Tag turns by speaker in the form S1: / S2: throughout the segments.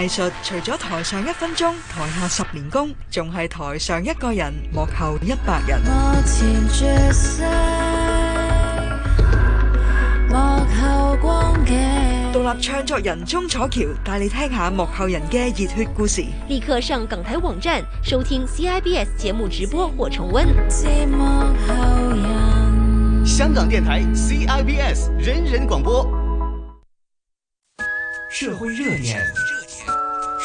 S1: 藝術除咗台
S2: 上一分鐘，台下十年功，仲係台上一個人，幕後一百人。幕前絕色，幕後光景。獨立唱作人鍾楚喬帶你聽下幕後人嘅熱血故事。立刻上港台網站收聽 CIBS 節目直播或重溫。是幕後人。香港電台 CIBS 人人廣播。社會熱。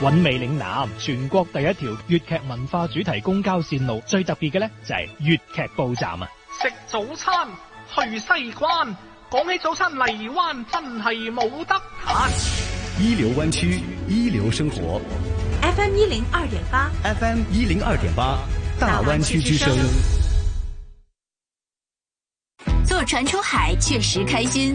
S3: 韻味嶺南，全國第一條粵劇文化主題公交線路，最特別嘅呢就係、是、粵劇報站啊！
S1: 食早餐去西關，講起早餐荔灣
S4: 真係冇得彈。
S1: 一、啊、流灣區，一流生活。
S4: FM 一零二點八
S1: ，FM 一零二點八，8, 大灣區之聲。
S4: 坐船出海確實開心。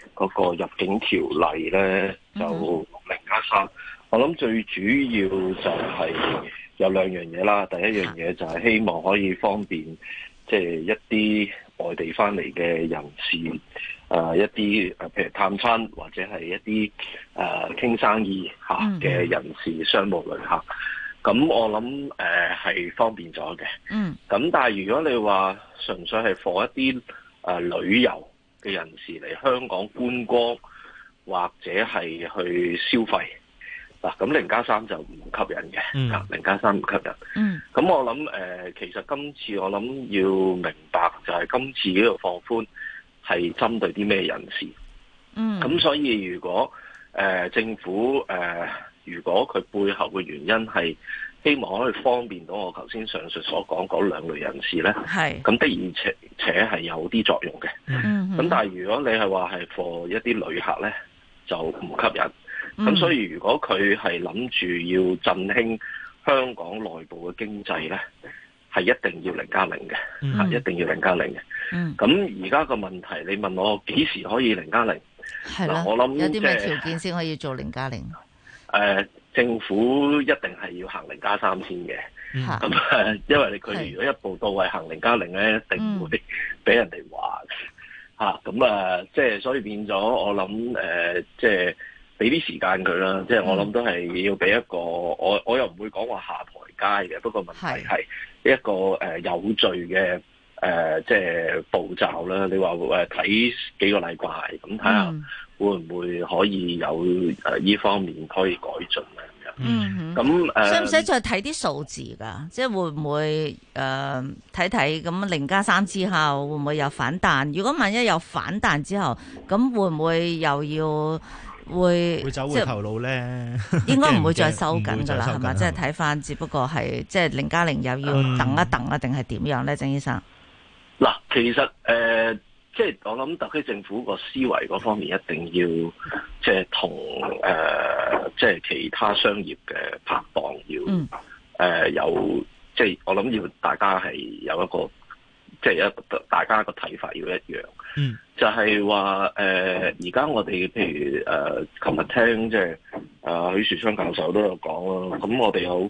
S5: 嗰個入境條例咧就零加三，3, mm hmm. 我諗最主要就係有兩樣嘢啦。第一樣嘢就係希望可以方便，即、就、係、是、一啲外地翻嚟嘅人士，呃、一啲譬如探親或者係一啲啊傾生意嚇嘅人士、mm hmm. 商務旅客，咁我諗誒係方便咗嘅。嗯、mm，咁、hmm. 但係如果你話純粹係放一啲啊、呃、旅遊。嘅人士嚟香港觀光或者係去消費，嗱，咁零加三就唔吸引嘅，零加三唔吸引。嗯。咁我諗，誒、呃，其實今次我諗要明白就係今次呢度放寬，係針對啲咩人士。
S6: 嗯。咁
S5: 所以如果誒、呃，政府誒、呃，如果佢背後嘅原因係。希望可以方便到我頭先上述所講嗰兩類人士咧，咁係的，的，而且且係有啲作用嘅。咁、嗯、但係如果你係話係 for 一啲旅客咧，就唔吸引。咁、嗯、所以如果佢係諗住要振興香港內部嘅經濟咧，係一定要零加零嘅，嗯、一定要零加零嘅。咁而家個問題，你問我幾時可以零加零？係、啊、我諗有啲咩條
S7: 件先可以做零加零？呃
S5: 政府一定係要行零加三先嘅，咁啊，因為佢如果一步到位行零加零咧，一定會俾人哋話吓，咁、嗯、啊，嗯、即係所以變咗，我諗誒、呃，即係俾啲時間佢啦，即係我諗都係要俾一個，我我又唔會講話下台階嘅，不過問題係一個誒是、呃、有序嘅。誒、呃，即係步驟啦。你話誒睇幾個禮拜咁睇下，看看會唔會可以有誒呢方面可以改進咧咁樣？嗯咁使唔使再
S7: 睇啲數字噶？即係、嗯、會唔會誒睇睇咁零加三之後會唔會有反彈？如果萬一有反彈之後，咁會唔會又要會會走回頭路
S8: 咧？即應該唔會再收緊噶啦，係嘛？是是即係睇
S7: 翻，只不過係即係零加零又要等一等啊，定係點樣咧，鄭醫生？
S5: 嗱，其實誒，即、呃、係、就是、我諗特區政府個思維嗰方面一定要，即係同誒，即、呃、係、就是、其他商業嘅拍檔要誒、嗯呃、有，即、就、係、是、我諗要大家係有一個，即係一大家個睇法要一樣，嗯、就係話誒，而、呃、家我哋譬如誒，琴、呃、日聽即係誒許樹昌教授都有講咯，咁我哋有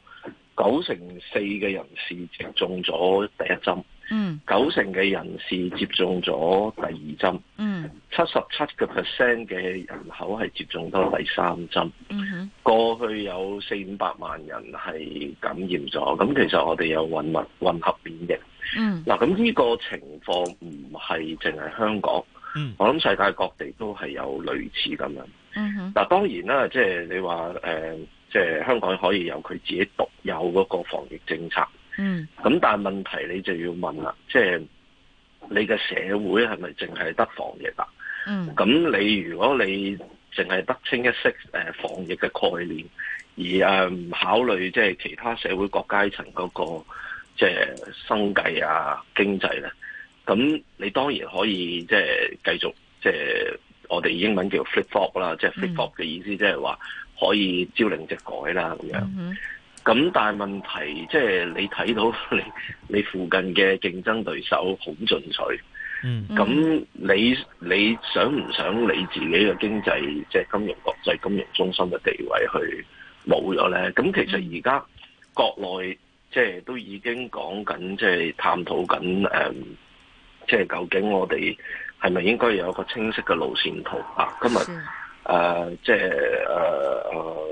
S5: 九成四嘅人士接種咗第一針。嗯，九成嘅人士接種咗第二針，嗯，七十七個 percent 嘅人口係接種到第三針，嗯哼，過去有四五百萬人係感染咗，咁，嗯哼，其實我哋有混合混合免疫。嗯，嗱，咁呢個情況唔係淨係香港，嗯，我諗世界各地都係有類似咁樣，嗱，嗯哼，當然啦，即係你話誒，呃，即係香港可以有佢自己獨有嗰個防疫政策。嗯，咁但係問題你就要問啦，即係你嘅社會係咪淨係得防疫啊？嗯，
S6: 咁你如
S5: 果你淨係得清一色誒，防疫嘅概念，而誒唔考慮，即係其他社會各階層嗰個即係生計啊經濟咧，咁你當然可以即係繼續即係我哋英文叫 flip flop 啦，即係 flip flop 嘅意思即係話可以朝令夕改啦咁樣。嗯咁但係問題，即係你睇到你你附近嘅競爭對手好進取，嗯，咁你你想唔想你自己嘅經濟即係金融國際金融中心嘅地位去冇咗咧？咁其實而家國內即係都已經講緊，即係探討緊誒，即係究竟我哋係咪應該有一個清晰嘅路線圖啊？今日誒，即係誒誒。呃就是呃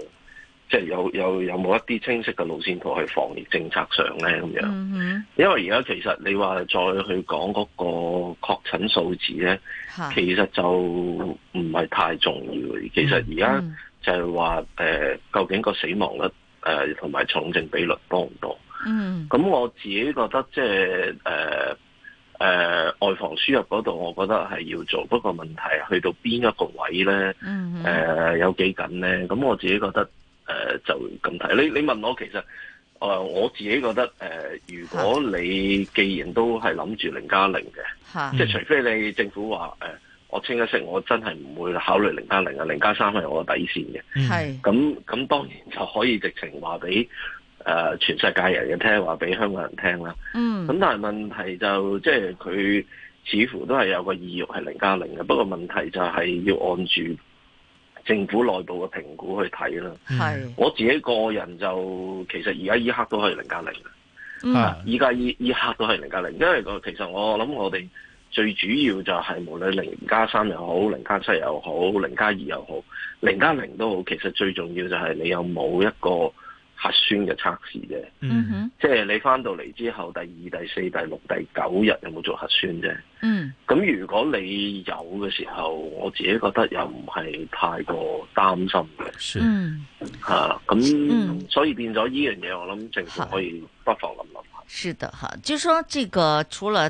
S5: 即係有有有冇一啲清晰嘅路線圖去防疫政策上咧咁樣、mm hmm. 因為而家其實你話再去講嗰個確診數字咧 Ha.，其實就唔係太重要嘅。其實而家就係話誒，究竟個死亡率誒同埋重症比率多唔多？嗯、mm，咁、hmm. 我自己覺得即係、呃呃、外防輸入嗰度，我覺得係要做，不過問題去到邊一個位咧？誒、呃、有幾緊咧？咁我自己覺得。就咁睇你，你問我其實誒、呃，我自己覺得誒、呃，如果你既然都係諗住零加零嘅，的即係除非你政府話誒、呃，我清一色，我真係唔會考慮零加零啊，零加三係我嘅底線嘅。係咁咁，當然就可以直情話俾誒全世界人嘅聽，話俾香港人聽啦。嗯的，咁但係問題就即係佢似乎都係有個意欲係零加零嘅，不過問題就係要按住。政府內部嘅評估去睇啦，的我自己個人就其實而家依刻都係零加零，啊
S6: 的，
S5: 而家依依刻都係零加零，因為個其實我諗我哋最主要就係無論零加三又好，零加七又好，零加二又好，零加零都好，其實最重要就係你有冇一個核酸嘅測試啫，mm hmm. 即係你翻到嚟之後，第二、第四、第六、第九日有冇做核酸啫？嗯、mm，咁、hmm. 如果你有嘅時候，我自己覺得又唔係太過擔心嘅。嗯、mm，嚇、hmm. 啊，咁、mm hmm. 所以變咗呢樣嘢，我諗政府可以不妨諗諗下。
S7: 是的，哈，就是說這個除了。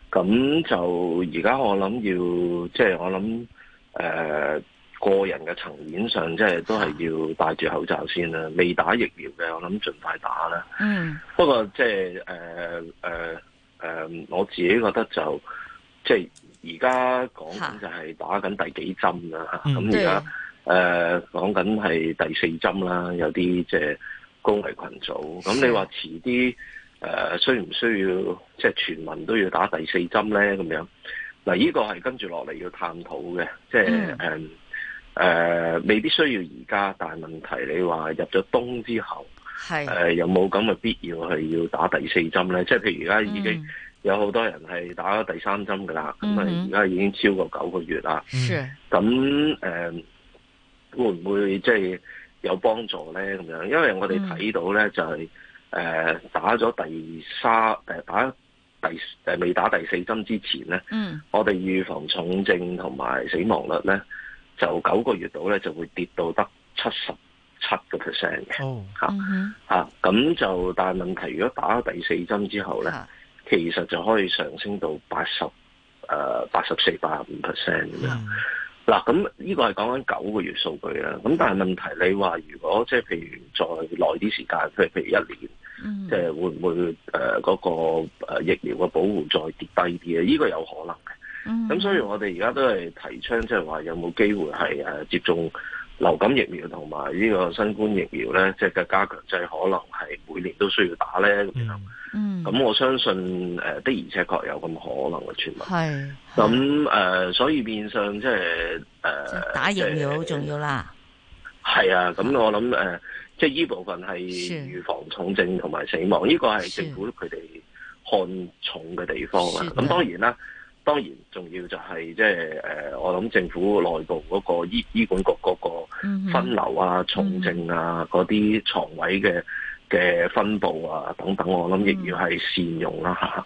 S5: 咁就而家我諗要，即係我諗，誒個人嘅層面上，即係都係要戴住口罩先啦。未打疫苗嘅，我諗盡快打啦。嗯的。不過即係誒誒誒，我自己覺得就，即係而家講緊就係打緊第幾針啦。咁而家誒講緊係第四針啦，有啲即係高危群組。咁你話遲啲？誒、呃，需唔需要即係全民都要打第四針咧？咁樣。嗱，依、這個係跟住落嚟要探討嘅，即係誒誒，未必需要而家，但係問題，你話入咗冬之後，
S6: 係誒是、呃、有
S5: 冇咁嘅必要係要打第四針咧？嗯、即係譬如而家已經有好多人係打咗第三針噶啦，咁啊而家已經超過九個月啦，咁誒是、嗯呃、會唔會即係有幫助咧？咁樣，因為我哋睇到咧、嗯、就係、是。誒、呃，打咗第三、呃，誒打第誒未打第四針之前咧，嗯，mm. 我哋預防重症同埋死亡率咧，就九個月度咧就會跌到得七十七個 percent 嘅，吓吓，咁、oh. mm hmm. 啊、就但係問題，如果打咗第四針之後咧，mm hmm. 其實就可以上升到八十誒八十四八十五 percent 咁樣。嗱，咁呢、mm hmm. 啊、個係講緊九個月數據啊。咁但係問題，你話、mm hmm. 如果即係譬如再耐啲時間，譬如譬如一年。即係、嗯、會唔會誒嗰個誒疫苗嘅保護再跌低啲咧？呢、這個有可能嘅。咁、嗯嗯、所以我哋而家都係提倡，即係話有冇機會係誒接種流感疫苗同埋呢個新冠疫苗咧，即係嘅加強劑，可能係每年都需要打咧、嗯。嗯，咁我相信誒的而且確有咁可能嘅傳聞。係咁誒，所以變相就是、呃，即係誒打疫苗好重要啦。係啊，咁我諗誒、呃。即係呢部分係預防重症同埋死亡，呢個係政府佢哋看重嘅地方啊。咁是當然啦，當然重要就係即係誒，我諗政府內部嗰個醫醫管局嗰個分流啊、重症啊嗰啲床位嘅嘅分布啊等等，我諗亦要係善用啦、啊、嚇。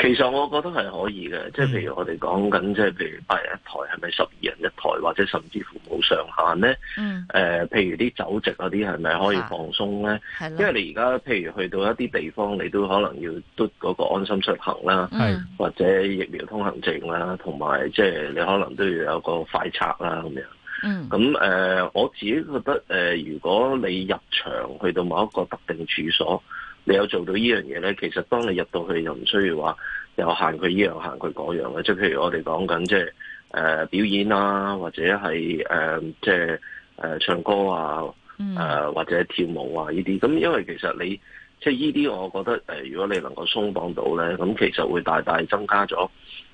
S5: 其實我覺得係可以嘅，即係譬如我哋講緊，即係譬如八人一台，係咪十二人一台，或者甚至乎冇上限咧？嗯。誒、呃，譬如啲酒席嗰啲係咪可以放鬆咧？係的。因為你而家譬如去到一啲地方，你都可能要都嗰個安心出行啦，係的。或者疫苗通行證啦，同埋即係你可能都要有個快測啦咁樣。嗯。咁誒、呃，我自己覺得誒、呃，如果你入場去到某一個特定嘅處所。你有做到呢樣嘢咧，其實當你入到去又唔需要話又限佢呢樣限佢嗰樣嘅，即係譬如我哋講緊即係誒表演啊，或者係誒即係誒唱歌啊，誒、呃、或者跳舞啊呢啲，咁因為其實你即係呢啲，我覺得誒如果你能夠鬆綁到咧，咁其實會大大增加咗。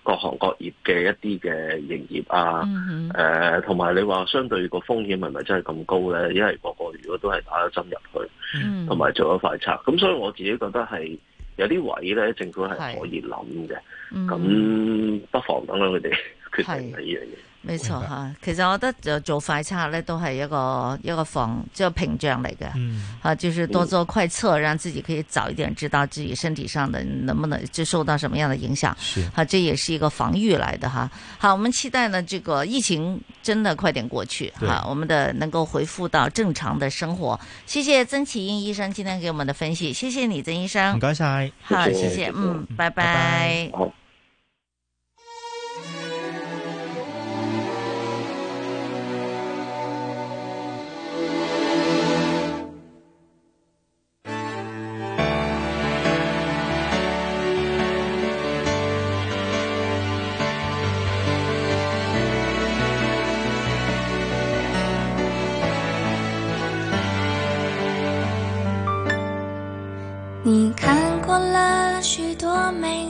S5: 各行各業嘅一啲嘅營業啊，誒、嗯哼，同埋、呃、你話相對個風險係咪真係咁高咧？因為個個如果都係打咗針入去，同埋、嗯、做咗快測，咁所以我自己覺得係有啲位咧，政府係可以諗嘅。咁是不妨等等佢哋決定係呢樣嘢。
S7: 沒錯哈，其實、嗯、我覺得就做快測呢，都係一個一個防即係屏障嚟嘅。嗯啊，就是多做快測，讓自己可以早一點知道自己身體上的能不能就受到什麼樣的影響。係是，這也是一個防御來的。哈。好，我們期待呢，這個疫情真的快點過去。哈對，我們的能夠回復到正常的生活。謝謝曾祈殷醫生今天給我們的分析，謝謝你曾醫生。
S8: 唔該晒。好，謝謝。了嗯，了拜拜。拜拜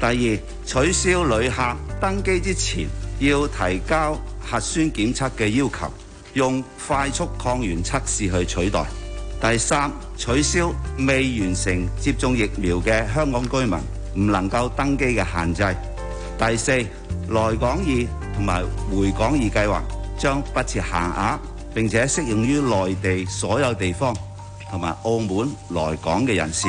S5: 第二，取消旅客登機之前要提交核酸檢測嘅要求，用快速抗原測試去取代。第三，取消未完成接種疫苗嘅香港居民唔能夠登機嘅限制。第四，來港易同埋回港易計劃將不設限額，並且適用於內地所有地方同埋澳門來港嘅人士。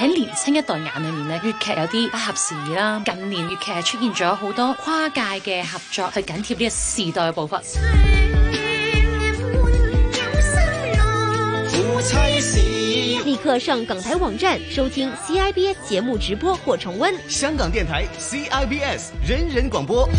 S5: 喺
S2: 年輕一代眼
S9: 裏面呢，粵劇有啲不合時啦。近年粵劇出現咗好多跨界嘅合作，去緊貼呢個時代嘅步伐。
S2: 立刻上港台網站收聽 CIBS 節目直播或重溫。香港電台 CIBS 人人廣播。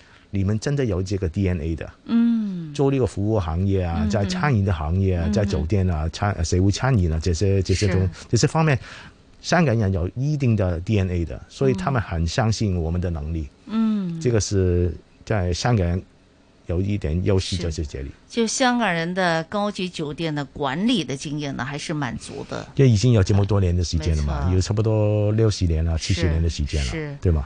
S10: 你們真的有這個 DNA 的，
S6: 嗯，
S10: 做這個服務行業啊，在餐飲的行業啊，嗯嗯在酒店啊，餐社會餐飲啊這些這些東西，是這些方面，香港人有一定的 DNA 的，所以他們很相信我們的能力，嗯，這個是在香港人有一點優勢就在這裏
S7: 是。就香港人的高級酒店的管理的經驗呢，還是滿足的。
S10: 這已經有這麼多年的時間了嘛，有差不多六十年了，七十年的時間了是，是對嗎？